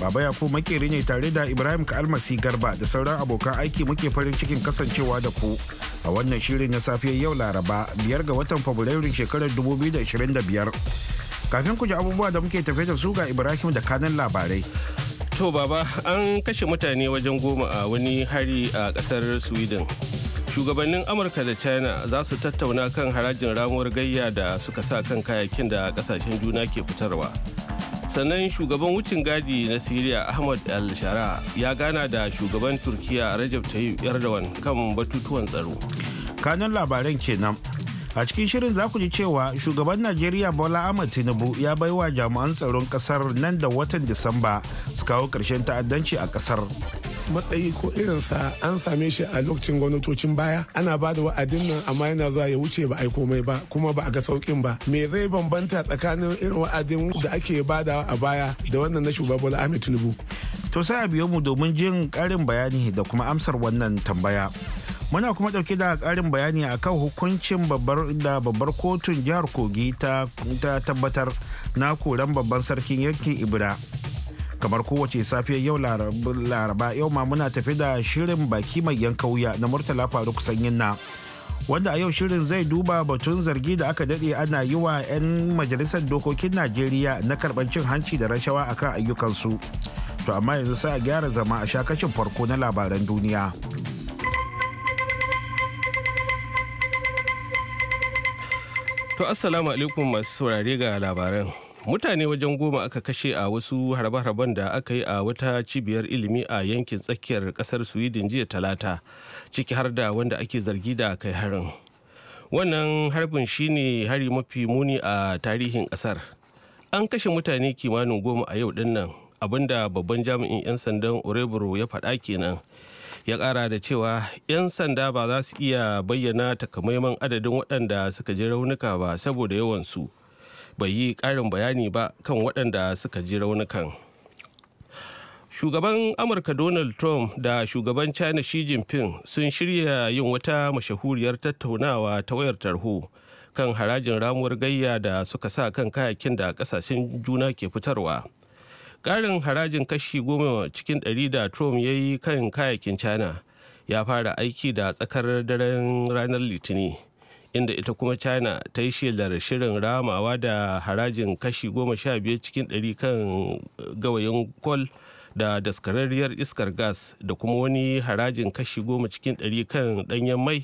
Baba ya ko makeri ne tare da Ibrahim Kalmasi Garba da sauran abokan aiki muke farin cikin kasancewa da ku a wannan shirin na safiyar yau Laraba biyar ga watan fabrairu shekarar 2025. Kafin ku ji abubuwa da muke tafe da su ga Ibrahim da kanan labarai. To baba an kashe mutane wajen goma a wani hari a kasar Sweden. Shugabannin Amurka da China za su tattauna kan harajin ramuwar gayya da suka sa kan kayakin da kasashen juna ke fitarwa. sannan shugaban wucin gadi na siriya ahmad al shara ya gana da shugaban turkiya rajab tayyip erdogan kan batutuwan tsaro kanun labaran kenan a cikin shirin za ku ji cewa shugaban najeriya bola ahmad tinubu ya baiwa jami'an tsaron kasar nan da watan disamba su kawo ƙarshen ta'addanci a kasar matsayi ko irinsa an same shi a lokacin gwamnatocin baya ana ba da wa'adin nan amma yana zuwa ya wuce ba a yi komai ba kuma ba a ga saukin ba me zai bambanta tsakanin irin wa'adin da ake badawa a baya da wannan na shugaba bola ahmed tinubu to sai a biyo mu domin jin karin bayani da kuma amsar wannan tambaya muna kuma dauke da karin bayani akan hukuncin babbar da babbar kotun jihar kogi ta tabbatar na koran babban sarkin yankin ibra kamar kowace safiyar yau laraba yau ma muna tafi da shirin baki mai yanka wuya na murtala faruk sanyin na wanda a yau shirin zai duba batun zargi da aka dade ana yi wa 'yan majalisar dokokin najeriya na karɓar cin hanci da rashawa akan ayyukansu to amma yanzu sai a gyara zama a shakacin farko na labaran duniya to assalamu alaikum masu saurare ga labaran mutane wajen goma aka kashe a wasu harbe-harben da aka yi a wata cibiyar ilimi a yankin tsakiyar kasar sweden jiya talata ciki har da wanda ake zargi da kai harin wannan harbin shine hari mafi muni a tarihin kasar an kashe mutane kimanin goma a yau dinnan abinda babban jami'in 'yan sandan orebro ya faɗa kenan ya ƙara da cewa 'yan sanda ba za su iya bayyana takamaiman adadin waɗanda suka ji raunuka ba saboda yawansu bai yi ƙarin bayani ba kan waɗanda suka ji raunukan. shugaban amurka donald trump da shugaban china xi jinping sun shirya yin wata mashahuriyar tattaunawa ta wayar tarho kan harajin ramuwar gayya da suka sa kan kayakin da kasashen juna ke fitarwa ƙarin harajin kashi goma cikin ɗari da trump ya yi kan kayakin china ya fara aiki da tsakar daren ranar litini inda ita kuma china ta yi shelar shirin ramawa da harajin kashi goma sha biyar cikin dari kan eh, gawayin kwal da daskararriyar iskar gas da kuma wani harajin kashi goma cikin dari kan danyen mai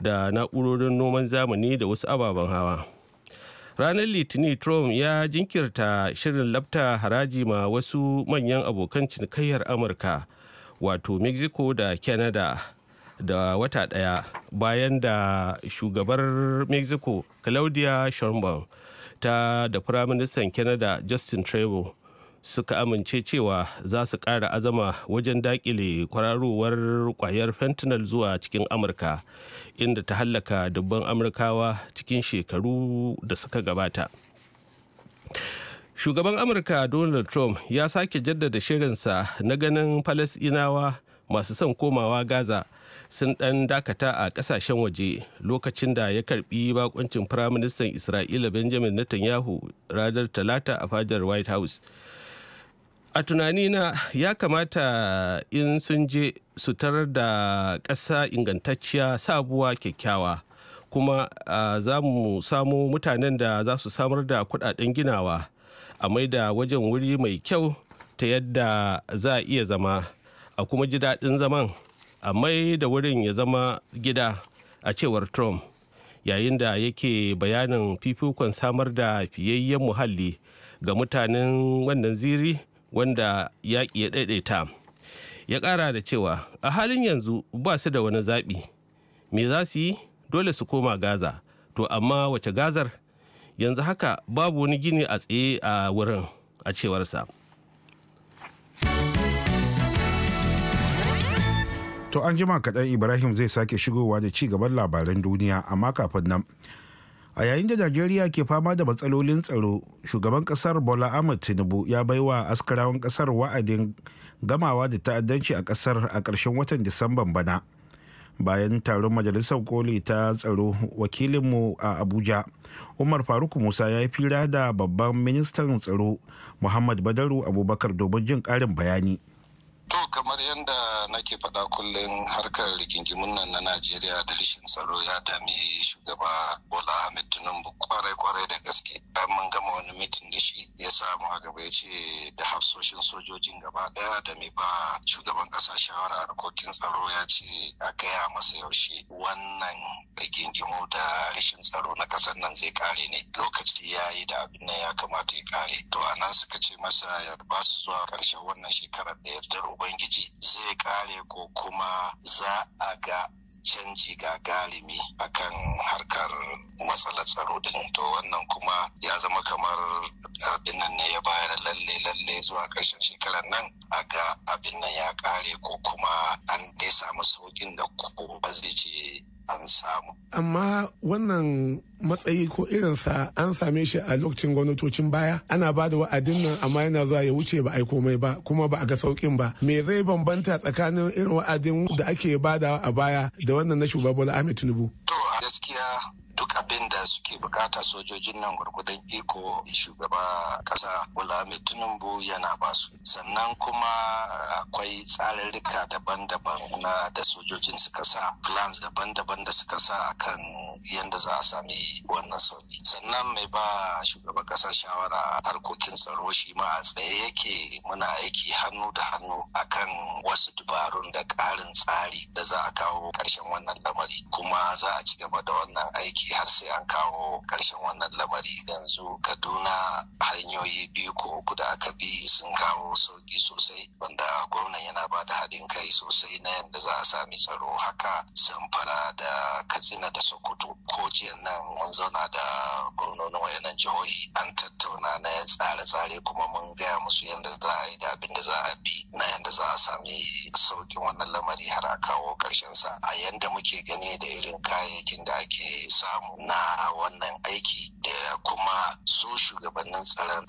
da na'urorin noman zamani da wasu ababen hawa ranar litinin trump ya jinkirta shirin labta haraji ma wasu manyan abokan cinikayyar amurka wato mexico da canada da wata ɗaya bayan da shugabar mexico claudia sheinbaum ta da firaministan canada justin trudeau suka amince cewa za su ƙara azama wajen daƙile kwararowar ƙwayar fentanyl zuwa cikin amurka inda ta hallaka dubban amurkawa cikin shekaru da suka gabata shugaban amurka donald trump ya sake jaddada shirinsa na ganin falasinawa masu son komawa gaza sun ɗan dakata a ƙasashen waje lokacin da ya karɓi bakuncin firaministan isra'ila benjamin netanyahu ranar talata a fadar white house a na ya kamata in sun je su tarar da ƙasa ingantacciya sabuwa kyakkyawa kuma za mu samu mutanen da za su samar da kudaden ginawa a da wajen wuri mai kyau ta yadda za a iya zama a kuma ji daɗin zaman a mai da wurin ya zama gida a cewar trump yayin da yake bayanin fifikon samar da fiyayyen muhalli ga mutanen wannan ziri wanda yaƙi ya ɗaiɗaita ya ƙara da cewa a halin yanzu ba su da wani zaɓi me za su yi dole su koma gaza to amma wace gazar yanzu haka babu wani gini a tsaye a wurin a cewarsa To an jima kaɗan Ibrahim zai sake shigowa da ci gaban labaran duniya amma kafin nan. A yayin da Najeriya ke fama da matsalolin tsaro, shugaban kasar Bola Ahmed Tinubu ya baiwa askarawan kasar wa'adin gamawa da ta'addanci a kasar a ƙarshen watan Disamban bana. Bayan taron majalisar koli ta tsaro wakilinmu a Abuja, Umar Faruk Musa ya yi fira da babban ministan tsaro Muhammad Badaru Abubakar domin jin ƙarin bayani. To kamar yadda nake faɗa kullum harkar rigingimun nan na Najeriya da rashin tsaro ya dame gaba Bola Ahmed Tinubu kwarai-kwarai da gaske. Mun gama wani mitin da shi ya samu a gaba ya ce da hafsoshin sojojin gaba daya da mai ba shugaban kasa shawara harkokin tsaro ya ce a gaya masa yaushe wannan rigingimo da rashin tsaro na kasar nan zai kare ne lokaci ya yi da abin nan ya kamata ya kare. To a nan suka ce masa ya ba su zuwa ƙarshen wannan shekarar da yardar Ubangiji zai kare ko kuma za a ga canji a akan harkar matsalar tsaro din to wannan kuma ya zama kamar eh, abin nan ne ya bayar lalle lalle zuwa ƙarshen shekarar nan a ga abin nan ya ƙare ko kuma an dai samu saukin da kowa zai ce an samu. Amma wannan matsayi ko irinsa an same shi a lokacin gwamnatocin baya ana ba da wa'adin nan amma yana zuwa ya wuce ba a komai ba kuma ba a ga saukin ba. Me zai bambanta tsakanin irin wa'adin da ake badawa a baya da wannan na shugaba Bola Ahmed Tinubu? To Ke bukata sojojin nan gwargwadon iko shugaba kasa Bola Tinubu yana ba su. Sannan kuma akwai tsararrika daban-daban na da sojojin suka sa plans daban-daban da suka sa akan yadda za a sami wannan sauki. Sannan mai ba shugaban kasa shawara harkokin tsaro shi ma a tsaye yake muna aiki hannu da hannu akan wasu dubarun da ƙarin tsari da za a kawo ƙarshen wannan lamari kuma za a ci gaba da wannan aiki har sai an kawo samu ƙarshen wannan lamari yanzu kaduna hanyoyi biyu ko uku da aka bi sun kawo sauki sosai wanda gwamnan yana ba da haɗin kai sosai na yadda za a sami tsaro haka sun fara da katsina da sokoto ko jiya nan mun zauna da gwamnonin wayannan jihohi an tattauna na tsare-tsare kuma mun gaya musu yadda za a yi da abin da za a bi na yadda za a sami sauƙin wannan lamari har a kawo ƙarshen sa a yadda muke gani da irin kayayyakin da ake samu na wannan aiki da kuma su shugabannin tsaron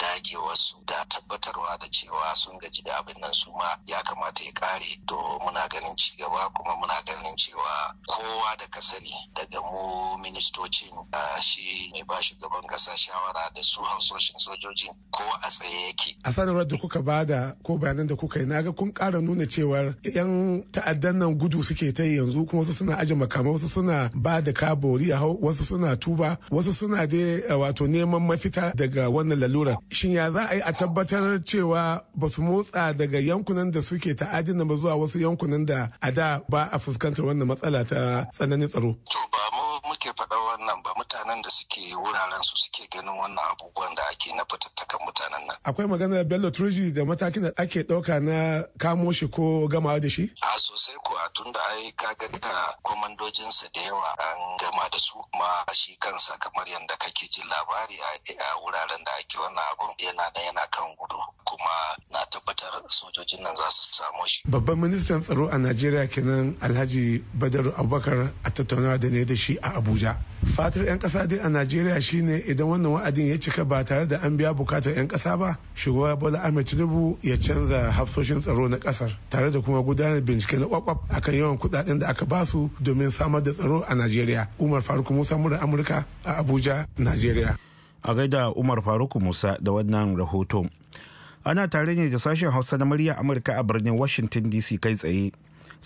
wasu da tabbatarwa da cewa sun gaji da abin nan su ma ya kamata ya kare to muna ganin cigaba kuma muna ganin cewa kowa da ka sani daga mu ministocin shi mai ba shugaban kasa shawara da su hausoshin sojojin ko a tsaye yake. A sanarwar da kuka bada ko bayanan da kuka yi na ga kun kara nuna cewar 'yan ta'addan nan gudu suke ta yanzu kuma wasu suna aje makamai wasu suna ba da kabori a wasu suna tuba wasu suna dai eh, wato neman mafita daga wannan lalurar shin ya za a yi a tabbatar cewa ba su motsa daga yankunan da suke adina ba zuwa wasu yankunan da a da ba a fuskantar wannan matsala ta tsananin tsaro to ba mu muke faɗa wannan ba mutanen da suke wuraren su suke ganin wannan abubuwan da ake na fitattakan mutanen nan. Akwai maganar Bello Turji da matakin da ake ɗauka na kamo shi ko gama da shi? A sosai ko a tun da ai ka ga da kwamandojinsa da yawa an gama da su ma shi kansa kamar yadda kake jin labari a wuraren da ake wannan abun yana da yana kan gudu kuma na tabbatar sojojin nan za su samo shi. Babban ministan tsaro a Najeriya kenan Alhaji Badaru Abubakar a tattaunawa da ne da shi a abuja fatar 'yan ƙasa dai a najeriya shine idan wannan wa'adin ya cika ba tare da an biya bukatar 'yan ƙasa ba shugaba bola ahmed tinubu ya canza hafsoshin tsaro na ƙasar tare da kuma gudanar bincike na kwakwaf akan yawan kuɗaɗen da aka basu domin samar da tsaro a najeriya umar faruk musa murar amurka a abuja najeriya a gaida umar faruk musa da wannan rahoton ana tare ne da sashen hausa na murya amurka a birnin washington dc kai tsaye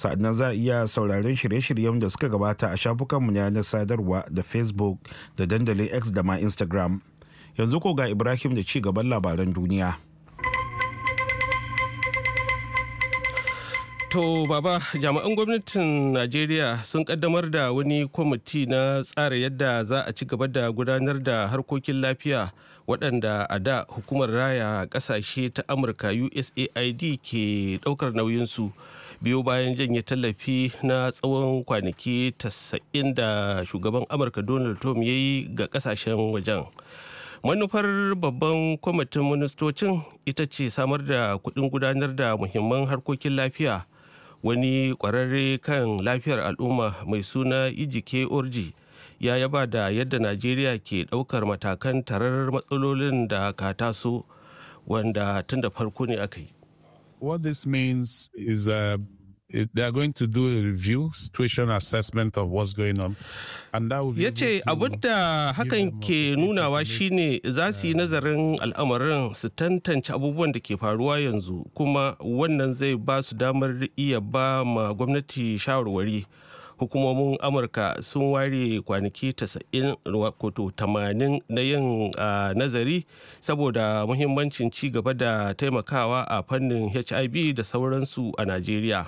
sa'adnan za a iya sauraron shirye-shiryen da suka gabata a shafukanmu na yanar sadarwa da facebook da dandalin x da ma instagram yanzu ko ga ibrahim da ci gaban labaran duniya To baba jami'an gwamnatin Najeriya sun kaddamar da wani kwamiti na tsara yadda za a ci gaba da gudanar da harkokin lafiya waɗanda a da hukumar raya ƙasashe ta Amurka USAID ke ɗaukar nauyinsu. biyu bayan janye tallafi na tsawon kwanaki 90 da shugaban amurka donald trump ya yi ga kasashen wajen manufar babban kwamitin ministocin ita ce samar da kuɗin gudanar da muhimman harkokin lafiya wani kwararre kan lafiyar al'umma mai suna ijike orji ya yaba da yadda najeriya ke ɗaukar matakan tarar matsalolin da ka taso wanda tun da farko ne aka yi What this means is uh, it, they are going to do a review, situation assessment of what's going on. And that will be Yace abinda hakan ke nunawa shine za su yi nazarin al'amarin su tantance abubuwan da ke faruwa yanzu kuma wannan zai ba su damar iya ba ma gwamnati shawarwari. hukumomin amurka sun ware kwanaki 80 na yin nazari saboda muhimmancin ci gaba da taimakawa a fannin hiv da sauransu a najeriya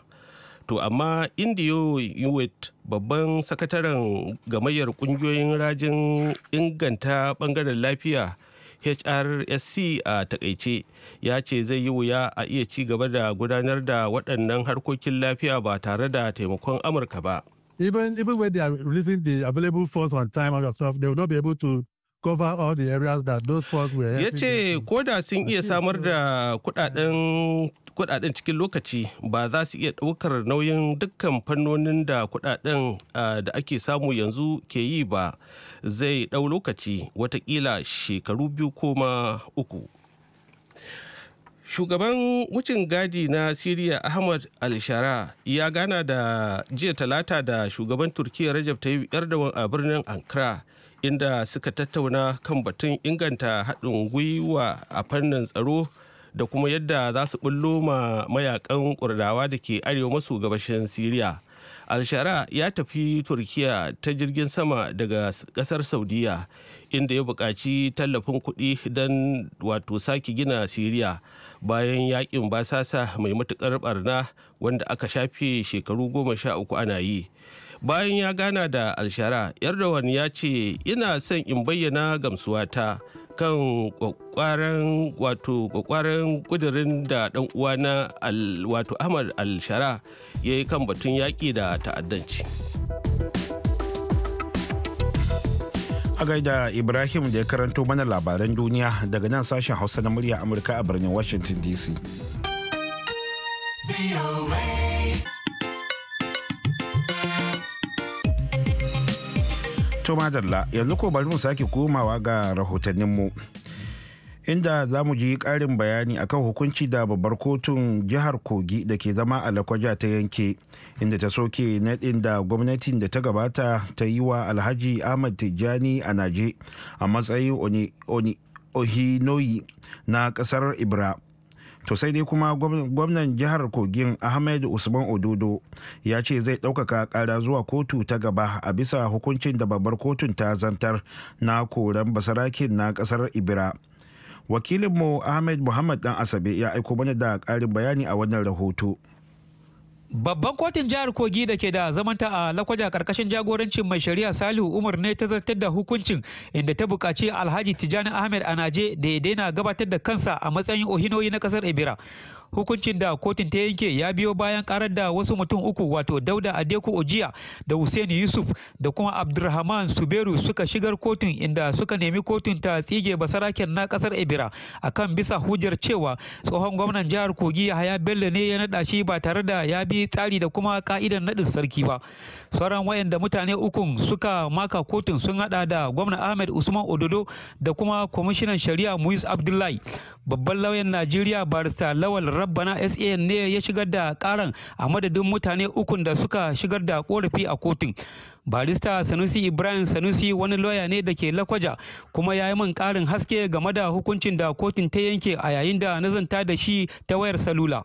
to amma indiyo hewitt babban sakataren gamayyar kungiyoyin rajin inganta bangaren lafiya hrsc a takaice ya ce zai yi wuya a iya ci gaba da gudanar da waɗannan harkokin lafiya ba tare da taimakon amurka ba Even even when they are releasing the available funds on time and yourself, they will not be able to cover all the areas that those funds were. Ya ce ko da sun iya samar da kudaden kudaden cikin lokaci ba za su iya daukar nauyin dukkan fannonin da kudaden da ake samu yanzu ke yi ba zai dau lokaci watakila shekaru biyu ko ma uku. shugaban wucin gadi na siriya ahmad al ya gana da jiya talata da shugaban turkiya rajab ta yi erdogan a birnin ankara inda suka tattauna kan batun inganta haɗin gwiwa a fannin tsaro da kuma yadda za su bullo ma mayakan kurdawa da ke arewa maso gabashin siriya alshara ya tafi turkiya ta jirgin sama daga kasar saudiya inda ya buƙaci tallafin kuɗi don wato sake gina siriya bayan yakin basasa mai matukar barna wanda aka shafe shekaru goma sha uku ana yi bayan ya gana da alshara yardawan ya ce ina son in bayyana gamsuwa ta kan kwakwaren wato kwakwaren kudirin da dan uwana wato ahmad alshara ya yi kan batun yaƙi da ta'addanci. a gaida Ibrahim da ya karanto mana labaran duniya daga nan sashen Hausa na murya Amurka a birnin Washington DC. To madalla yanzu ko bari mu sake komawa ga rahotanninmu. mu. inda za mu ji ƙarin bayani akan hukunci da babbar kotun jihar kogi da ke zama a lakwaja ta yanke inda ta soke naɗin da gwamnatin da ta gabata ta yi wa alhaji ahmad tijjani a naje a matsayin ohinoyi na ƙasar ibra to sai dai kuma gwamnan jihar kogin ahmed usman ododo ya ce zai ɗaukaka ƙara zuwa kotu ta gaba a bisa hukuncin da babbar kotun ta zantar na koren basarakin na ƙasar ibira wakilinmu ahmed muhammad dan asabe ya aiko mana da karin bayani a wannan rahoto Babban kotun jihar Kogi da ke da zamanta a Lakwaja karkashin jagorancin mai shari'a Salihu Umar ne ta zartar da hukuncin inda ta buƙaci Alhaji tijani Ahmed Anaje da ya daina gabatar da kansa a matsayin ohinoyi na ƙasar Ebira. hukuncin da kotun ta yanke ya biyo bayan karar da wasu mutum uku wato dauda adeku ojiya da hussein yusuf da kuma abdulrahman suberu suka shigar kotun inda suka nemi kotun ta tsige basaraken na kasar ibira akan bisa hujjar cewa tsohon gwamnan jihar kogi yahaya bello ne ya naɗa shi ba tare da ya bi tsari da kuma ka'idan naɗin sarki ba sauran wayanda mutane ukun suka maka kotun sun hada da gwamna ahmed usman ododo da kuma kwamishinan shari'a muiz abdullahi babban lauyan najeriya barista lawal rabbana san ne ya shigar da karan a madadin mutane ukun da suka shigar da korafi a kotun barista sanusi ibrahim sanusi wani lauya ne da ke lakwaja kuma ya yi min karin haske game da hukuncin da kotun ta yanke a yayin da nazanta da shi ta wayar salula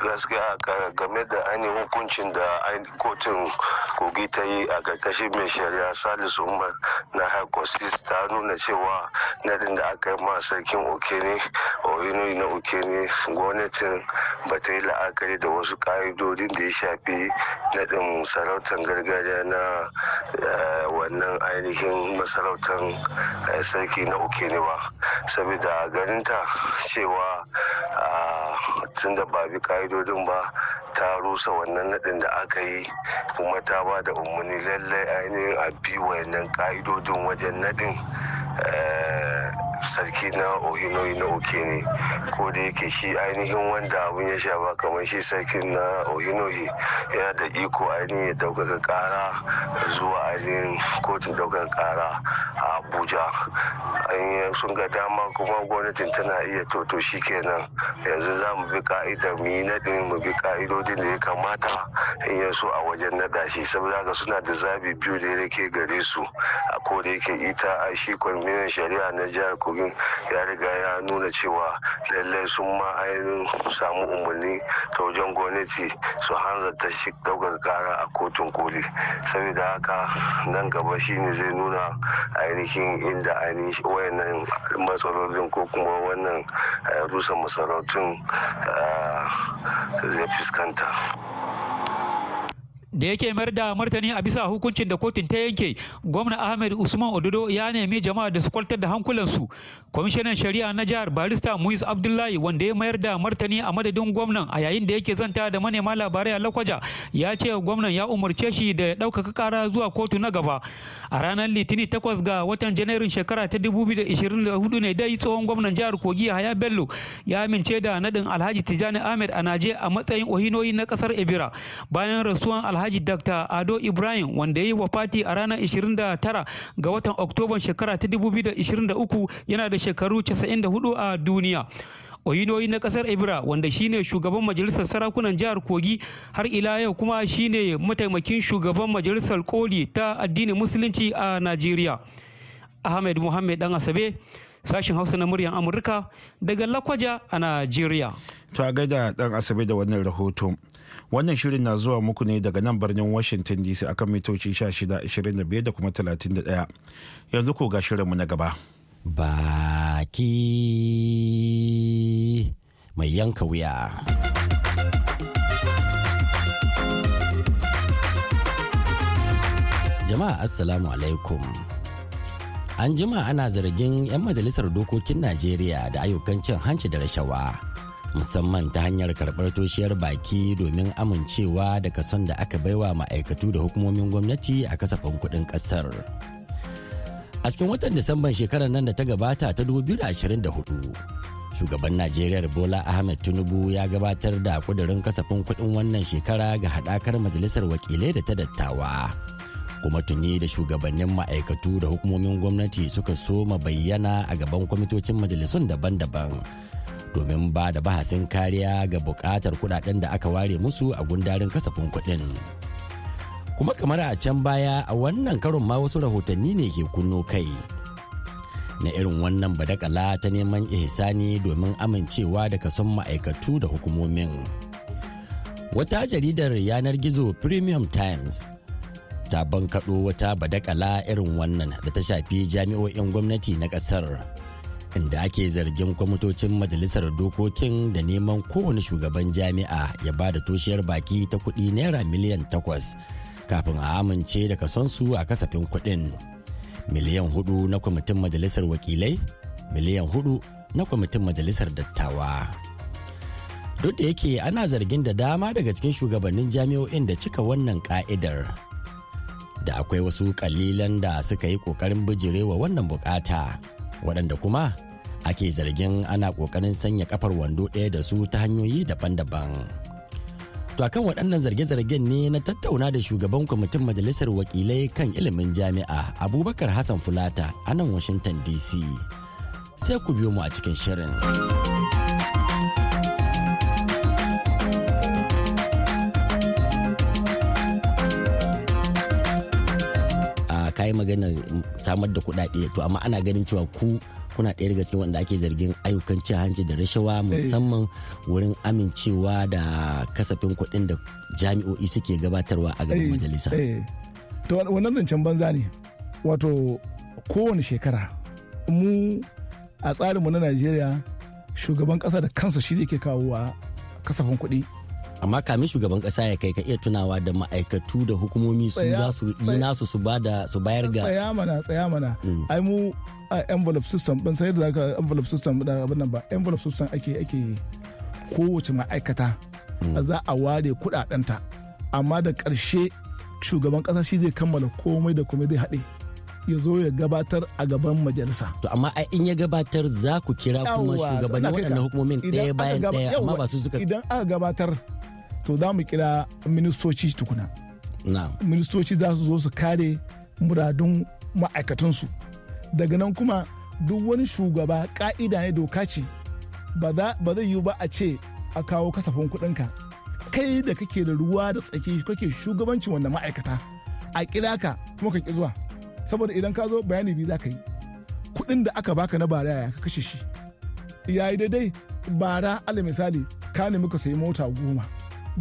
gaskiya game da ainihin hukuncin da kotun kogi ta yi a karkashin mai shari'a salisu umar na haikosis ta nuna cewa nadin da aka yi ma sarkin okene oyinu na okene gwamnatin ba ta yi la'akari da wasu ƙa'idodin da ya shafi nadin sarautar gargajiya na eh, wannan ainihin masarautar eh, sarki na okene ba saboda ta cewa ah, tun da ba bi ka'idodin ba ta rusa wannan nadin da aka yi kuma ta ba da umarni lallai ainihin a bi wayannan ka'idodin wajen nadin. Eh, sarki na ohinoyi na ne ko da yake shi ainihin wanda abun ya sha ba kamar shi sarki na ohinoyi yana da iko ainihin ya daukaka kara zuwa ainihin kotun daukaka kara a abuja sun ga dama kuma gwamnatin tana iya toto shi kenan yanzu za mu bi ka'ida mu yi naɗin mu bi ka'idodin da ya kamata in yi so a wajen naɗa shi saboda suna da zabi biyu da ya yake gare su a ko da yake ita a shi kwan kwamishinan shari'a na jihar kogin ya riga ya nuna cewa lallai sun ma ainihin samu umarni ta wajen gwamnati su hanzarta shi ɗaukar kara a kotun koli saboda haka nan gaba shi ne zai nuna ainihin inda ainihin wayannan matsalolin ko kuma wannan eh, rusa masarautun eh, zai fuskanta da yake mayar da martani a bisa hukuncin da kotun ta yanke gwamna ahmed usman ododo ya nemi jama'a da su kwaltar da hankulansu kwamishinan shari'a na jihar barista muiz abdullahi wanda ya mayar da martani a madadin gwamnan a yayin da yake zanta da manema labarai a lakwaja ya ce gwamnan ya umarce shi da ya ɗaukaka kara zuwa kotu na gaba a ranar litinin takwas ga watan janairun shekara ta 2024 ne dai tsohon gwamnan jihar kogi haya bello ya amince da naɗin alhaji tijjani ahmed a naje a matsayin ohinoyi na kasar ebira bayan rasuwan alhaji Alhaji Dr. Ado Ibrahim wanda ya yi wafati a ranar 29 ga watan Oktoban shekara ta 2023 yana da shekaru 94 a duniya. oyinoyi na kasar ibra wanda shine shugaban majalisar sarakunan jihar kogi har ila yau kuma shine mataimakin shugaban majalisar koli ta addinin musulunci a najeriya ahmed muhammed dan asabe sashen hausa na muryar amurka daga lakwaja a najeriya to a gaida dan asabe da wannan rahoton wannan shirin na zuwa muku ne daga nan birnin washington dc akan mitoci 16 da kuma 31 yanzu ko ga shirinmu na gaba baki mai yanka wuya jama'a assalamu alaikum an jima ana zargin 'yan majalisar dokokin najeriya da ayyukan cin hanci da rashawa musamman ta hanyar karɓar toshiyar baki domin amincewa da kason da aka baiwa ma'aikatu da hukumomin gwamnati a kasafin kuɗin ƙasar. A cikin watan Disamban shekarar nan da ta gabata ta 2024 shugaban najeriya bola ahmed tinubu ya gabatar da kudurin kasafin kuɗin wannan shekara ga haɗakar majalisar wakilai da ta dattawa kuma tuni da shugabannin ma'aikatu da hukumomin gwamnati suka soma bayyana a gaban kwamitocin majalisun daban-daban domin ba da bahasin kariya ga bukatar kudaden da aka ware musu a gundarin kasafin kudin kuma kamar a can baya a wannan karon ma wasu rahotanni ne ke kunno kai na irin wannan badakala ta neman ihsani domin amincewa da kason ma'aikatu da hukumomin wata jaridar yanar gizo premium times ta bankaɗo wata badakala irin wannan da ta shafi jami'o'in gwamnati na ƙasar. da ake zargin kwamitocin majalisar dokokin da neman kowane shugaban jami'a ya ba da toshiyar baki ta kuɗi naira miliyan takwas kafin a amince da kasonsu a kasafin kuɗin miliyan hudu na kwamitin majalisar wakilai miliyan hudu na kwamitin majalisar dattawa duk da yake ana zargin da dama daga cikin shugabannin jami'o'in da cika wannan ka'idar da akwai wasu kalilan da suka yi kokarin bijirewa wannan bukata waɗanda kuma ake zargin ana kokarin sanya kafar wando ɗaya da su ta hanyoyi daban-daban to akan waɗannan zarge-zargen ne na tattauna da shugaban kwamitin majalisar wakilai kan ilimin jami'a abubakar hassan fulata a nan washington dc sai ku biyo mu a cikin shirin a kayi maganar samar da kuɗaɗe to amma ana ganin cewa ku kuna ɗaya daga cikin wanda ake zargin ayyukan cin hanci da rashawa eh. musamman wurin amincewa da kasafin kuɗin da jami'o'i suke gabatarwa a gaban eh, majalisa. Eh. To wannan zancen banza ne wato kowane shekara mu a tsarinmu na Najeriya shugaban ƙasa da kansa shi ke kawo kasafin kuɗi amma kamin shugaban kasa ya kai ka iya tunawa da ma'aikatu da hukumomi su za su yi nasu su bada su bayar ga tsaya mana tsaya mana mm. ai mu envelope system ban sai da zaka envelope system da abin nan ba envelope system ake ake kowace ma'aikata mm. za a ware kuɗaɗenta. amma da karshe shugaban kasa shi zai kammala komai da komai zai haɗe ya zo ya gabatar a gaban majalisa. To amma ai in ya gabatar za ku kira kuma shugabannin waɗannan hukumomin ɗaya bayan ɗaya amma ba su suka. Idan aka gabatar to za mu kira ministoci tukuna. Ministoci za su zo su kare muradun ma'aikatansu. Daga nan kuma duk wani shugaba ka'ida ne doka ce ba zai yiwu ba a ce a kawo kasafin kuɗinka. Kai da kake da ruwa da tsaki kake shugabancin wanda ma'aikata a kira ka kuma ka ki zuwa. saboda idan ka zo bayani biyu za ka yi kuɗin da aka baka na bara ya kashe shi ya yi daidai bara ala misali ka nemi ka sayi mota goma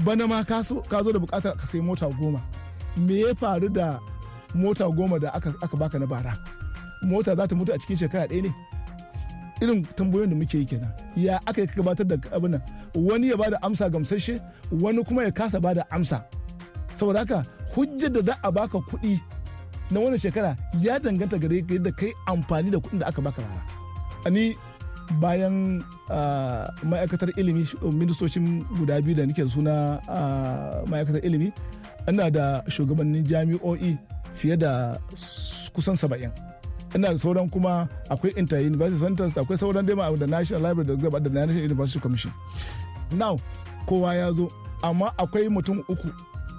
bana ma ka zo da bukatar ka sayi mota goma me ya faru da mota goma da aka baka na bara mota za ta mutu a cikin shekara ɗaya ne irin tambayoyin da muke yi kenan ya aka yi gabatar da abin wani ya bada amsa gamsashe wani kuma ya kasa bada amsa saboda haka hujjar da za a baka kuɗi na wani shekara ya danganta gare ka yadda kai amfani da kuɗin da aka baka rara ani bayan ma'aikatar ilimi ministocin guda biyu da nake da suna ma'aikatar ilimi ina da shugabannin jami'o'i fiye da kusan saba'in ina da sauran kuma akwai inter university centers akwai sauran dema da national library da da national university commission now kowa ya zo amma akwai mutum uku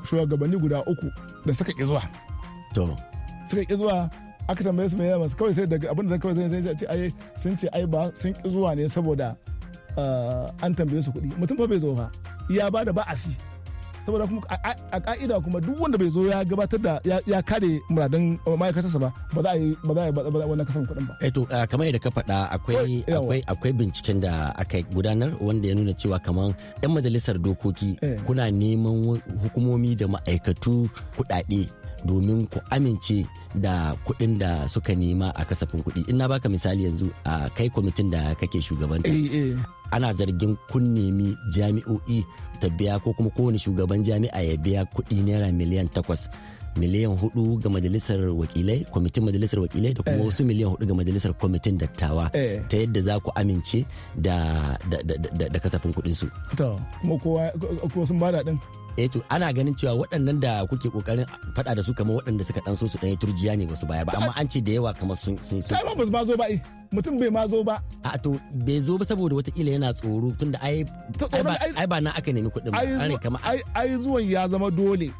shugabanni guda uku da suka ƙi zuwa suka ƙi zuwa aka tambaye su mai yawa kawai sai daga abin da kawai sai ce ai sun ce ai ba sun ƙi zuwa ne saboda eh, an tambaye su kuɗi mutum fa bai zo fa ya ba da ba'asi saboda kuma a ka'ida kuma duk wanda bai zo ya gabatar da ya kare muradin ma'aikatarsa ba ba za a yi ba za a yi wannan kasan kuɗin ba. Eh to eh, kamar yadda ka faɗa akwai akwai akwai binciken da aka gudanar wanda ya nuna cewa kamar yan majalisar dokoki eh. kuna neman hukumomi da ma'aikatu kuɗaɗe domin ku amince da kuɗin da suka nema a kasafin kuɗi ina baka misali yanzu a kai kwamitin da kake shugabanta eh, eh. ana zargin kun nemi jami'o'i ta biya ko kuma kowane shugaban jami'a ya biya kuɗi naira miliyan takwas miliyan hudu ga majalisar wakilai kwamitin majalisar wakilai da kuma eh. wasu miliyan hudu ga majalisar kwamitin dattawa eh. ta yadda za ku amince da kasafin kuɗin su. To, kowa sun bada din. eh to ana ganin cewa waɗannan da kuke kokarin faɗa da su kamar waɗanda suka dan so su dan turjiya ne wasu bayar ba amma an ce da yawa kamar sun sun sai ba basu ba zo ba e mutum bai ma zo ba a to bai zo ba saboda watakila yana tsoro tunda ai ai ba na aka nemi kuɗin ba ai kamar ai zuwan ya zama dole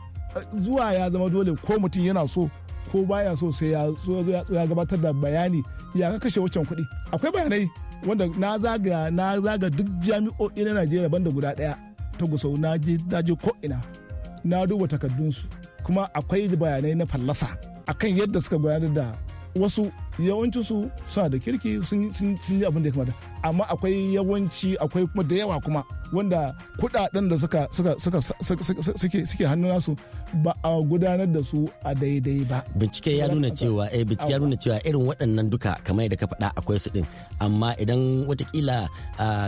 zuwa ya zama dole ko mutum yana so ko baya so sai ya zo ya gabatar da bayani ya ka kashe wucin kuɗi akwai bayanai wanda na zaga na zaga duk jami'o'i na Najeriya banda guda ɗaya ta gusau na je na je ko ina na duba su kuma akwai bayanai na fallasa akan yadda suka gudanar da wasu yawancinsu suna da kirki sun yi abin da ya kamata amma akwai yawanci akwai kuma da yawa kuma wanda kudaden da suka suke hannun nasu ba a gudanar da su a daidai ba bincike ya nuna cewa eh bincike ya nuna cewa irin waɗannan duka kamar yadda ka faɗa akwai su din amma idan watakila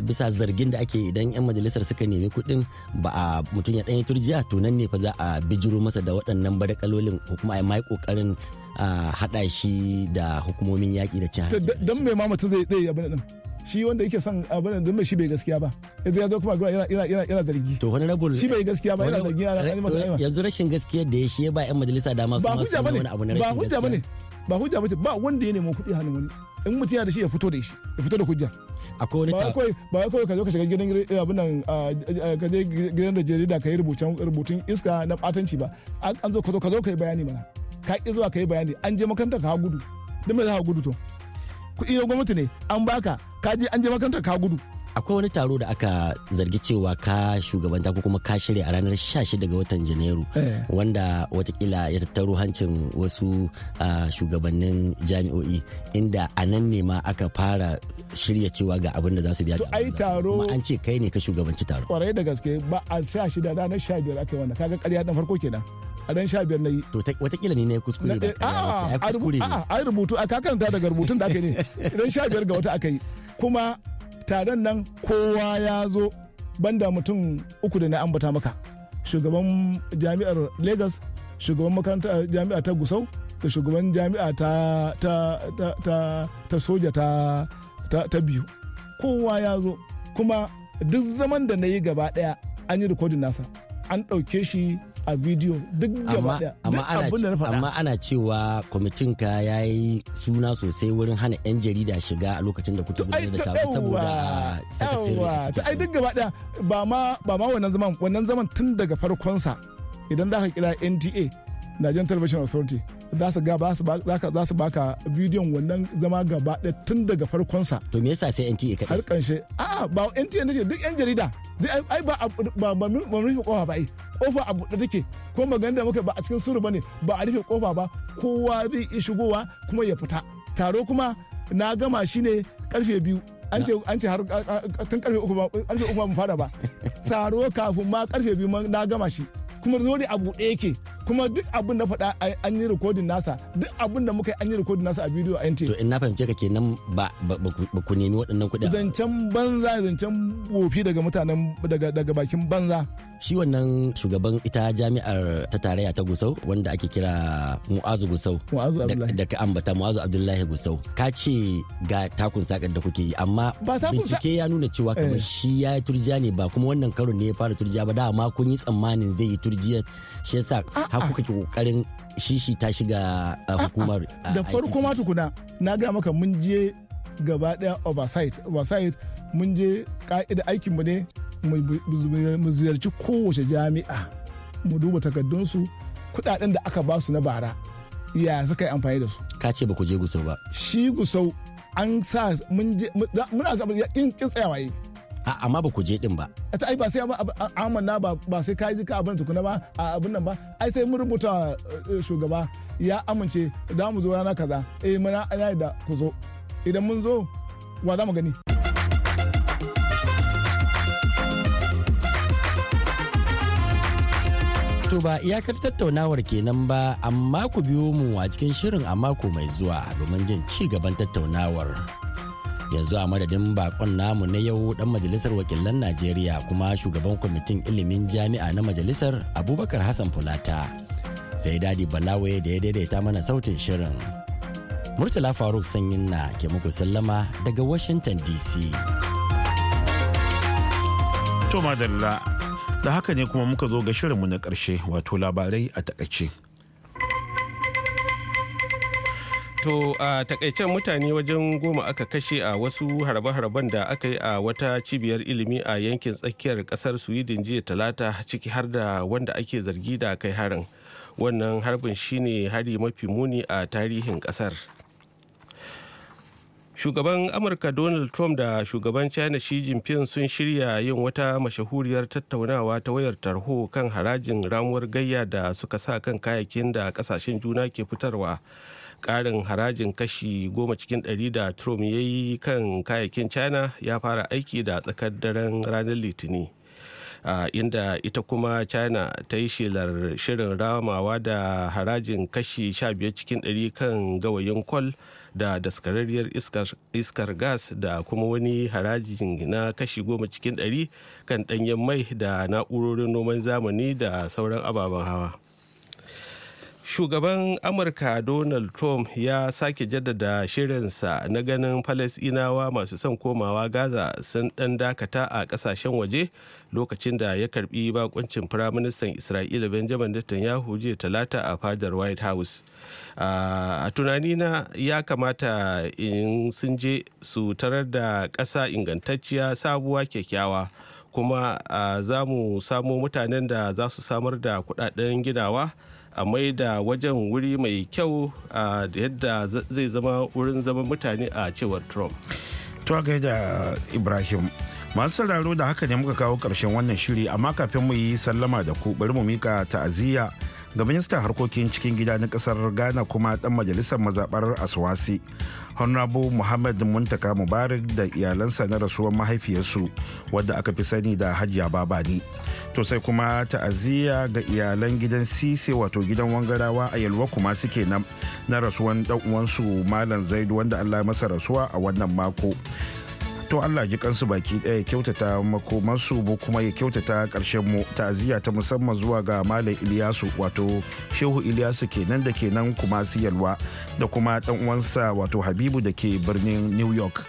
bisa zargin da ake idan yan majalisar suka nemi kuɗin ba a mutum ya ɗanyi turjiya to nan ne fa za a bijiro masa da waɗannan barakalolin ko kuma a yi ƙoƙarin haɗa shi da hukumomin yaƙi da cin hanci don mai ma mutum zai tsaye abin nan shi wanda yake son abin mai shi bai gaskiya ba yanzu ya zo kuma gura ina zargi to wani rabul shi bai gaskiya ba ina zargi ina yanzu rashin gaskiya da ya shi ya ba yan majalisa dama su ma su wani abu na rashin gaskiya ba hujja bane ba hujja bace ba wanda ya nemo kuɗi hannun wani in mutum yana da shi ya fito da shi ya fito da hujja akwai wani ta ba kai ka zo ka shiga gidan abin nan ka je gidan da jarida ka yi rubutun iska na batanci ba an zo ka zo ka zo ka yi bayani mana ka ƙi zuwa ka yi bayani an je makaranta ka gudu don me za gudu to kuɗi na gwamnati ne an baka ka je an je makaranta ka gudu akwai wani taro da aka zargi cewa ka shugabanta ko kuma ka shirya a ranar 16 ga watan janairu eh. wanda watakila ya tattaro hancin wasu shugabannin jami'o'i inda a nan ne ma aka fara shirya cewa ga abin da za su biya ga ai taro an ce kai ne ka shugabanci taro kwarai da gaske ba a 16 ranar 15 aka yi wannan kaga ƙarya dan farko kenan a ran sha biyar na yi. To watakila ne na yi kuskure ba kariya a kuskure ne. A rubutu a kakanta daga rubutun da aka yi ne ran sha biyar ga wata aka yi kuma taron nan kowa ya zo banda mutum uku da na ambata maka shugaban jami'ar Lagos shugaban makarantar eh, jami'a ta Gusau da shugaban jami'a ta ta ta ta soja ta ta biyu kowa ya zo kuma duk zaman da na yi gaba daya an yi rikodin nasa an ɗauke shi a bidiyo duk gaba daya amma ana cewa kwamitin ka ya yi suna sosai wurin hana yan jarida shiga a lokacin da kuka gudanar da taro saboda saka sirri a cikin ai duk gaba daya ba ma ba ma wannan zaman wannan zaman tun daga farkon sa idan za ka kira NTA Nigerian Television Authority za su ga za su baka bidiyon wannan zama gaba ɗaya tun daga farkonsa. To me yasa sai NTA kaɗai? Har ƙarshe. A'a ba NTA nace duk 'yan jarida. Ai ba ba ba rufe kofa ba ai. Kofa a buɗe take. Ko magana da muka ba a cikin suru bane ba a rufe kofa ba kowa zai iya shigowa kuma ya fita. Taro kuma na gama shine karfe biyu. an ce an ce har tun karfe uku ba karfe uku ba mu fara ba taro kafin ma karfe biyu na gama shi kuma zo a buɗe yake kuma duk abin da faɗa an yi rikodin nasa duk abin da muka yi an yi rikodin nasa a bidiyo a NTA. To in na fahimce ka kenan ba ku nemi waɗannan kuɗi. Zancen banza zancen wofi daga mutanen daga bakin banza. Shi wannan shugaban ita jami'ar ta tarayya ta Gusau wanda ake kira Mu'azu Gusau. Mu'azu Abdullahi. Da ka ambata Mu'azu Abdullahi Gusau. Ka ce ga takun sakar da kuke yi amma bincike ya nuna cewa kamar eh. shi ya yi turjiya ne ba kuma wannan karon ne ya fara turjiya ba dama kun yi tsammanin zai yi turjiya shi yasa har kuka ki kokarin shishi ta shiga hukumar da farko ma tukuna na ga maka mun je gaba daya oversight oversight mun je ka'ida aikin mu ne mu ziyarci kowace jami'a mu duba su kudaden da aka basu na bara ya suka yi amfani da su ka ce ba ku je gusau ba shi gusau an sa mun je muna ga in kin tsayawaye a amma ba ku je din ba ta ai ba sai amanna ba ba sai kai ka abin tukuna ba a abin nan ba ai sai mun rubuta eh, eh, shugaba ya amince da mu zo rana kaza eh muna ana da ku zo idan mun zo wa za mu gani To ba iyakar tattaunawar kenan ba amma ku biyo mu a cikin shirin a mako mai zuwa domin jin ci gaban tattaunawar. yanzu a madadin bakon namu na yau dan majalisar wakilan najeriya kuma shugaban kwamitin ilimin jami'a na majalisar abubakar hassan fulata sai dadi balawe da ya daidaita mana sautin shirin murtala faruk sanyin na ke muku sallama daga washington dc to madalla da haka ne kuma muka zo ga shirinmu na karshe wato labarai a takaice. To a takaicen mutane wajen goma aka kashe a wasu harbe-harben da aka yi a wata cibiyar ilimi a yankin tsakiyar kasar Sweden jiya talata ciki har da wanda ake zargi da kai harin. Wannan harbin shine hari mafi muni a tarihin kasar. Shugaban Amurka Donald Trump da shugaban China Xi Jinping sun shirya yin wata mashahuriyar tattaunawa ta wayar tarho kan harajin ramuwar gayya da suka sa kan kayakin da kasashen juna ke fitarwa. ƙarin harajin kashi goma cikin ɗari da trump ya yi kan kayayyakin china ya fara aiki da tsakar daren ranar litini inda ita kuma china ta yi shelar shirin ramawa da harajin kashi 15 cikin ɗari kan gawayin kwal da daskararriyar iskar gas da kuma wani harajin na kashi goma cikin ɗari kan ɗanyen mai da na'urorin noman zamani da sauran ababen hawa. shugaban amurka donald trump ya sake jaddada shirinsa na ganin falasinawa masu son komawa gaza sun dan dakata a kasashen waje lokacin da ya karbi bakuncin firaministan isra'ila benjamin netanyahu jiya talata a fadar white house a tunanina ya kamata in sun je su tarar da kasa ingantacciya sabuwa kyakkyawa kuma za mu samo mutanen da za su samar da kudaden ginawa a maida wajen wuri mai kyau da yadda zai zama wurin zama mutane a cewar trump to gaida ibrahim masu sauraro da haka ne muka kawo ƙarshen wannan shiri amma kafin mu yi sallama da ku bari mu mika ta'aziyya da ministan harkokin cikin gida na kasar ghana kuma dan majalisar mazabar aswasi honorable muhammad muntaka mubarak da iyalansa na rasuwar mahaifiyarsu wadda aka fi sani da hajiya babani to sai kuma ta'aziyya ga iyalan gidan sise wato gidan wangarawa a yalwa kuma suke na rasuwan dan uwansu malam zaidu wanda allah masa rasuwa a wannan mako to Allah ji kansu baki ɗaya kyautata makomansu mu kuma ya kyautata karshen mu ta'aziyya ta musamman zuwa ga Malam Iliyasu wato Shehu Iliyasu kenan da kenan kuma siyalwa da kuma ɗan uwansa wato Habibu da ke birnin New York.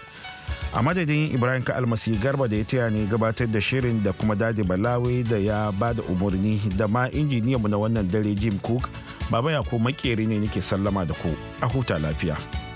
A madadin Ibrahim ka almasi garba da ya taya ne gabatar da shirin da kuma dadi balawai da ya ba da umarni da ma injiniyanmu na wannan dare Jim Cook, baba ya ko makeri ne nake sallama da ku a huta lafiya.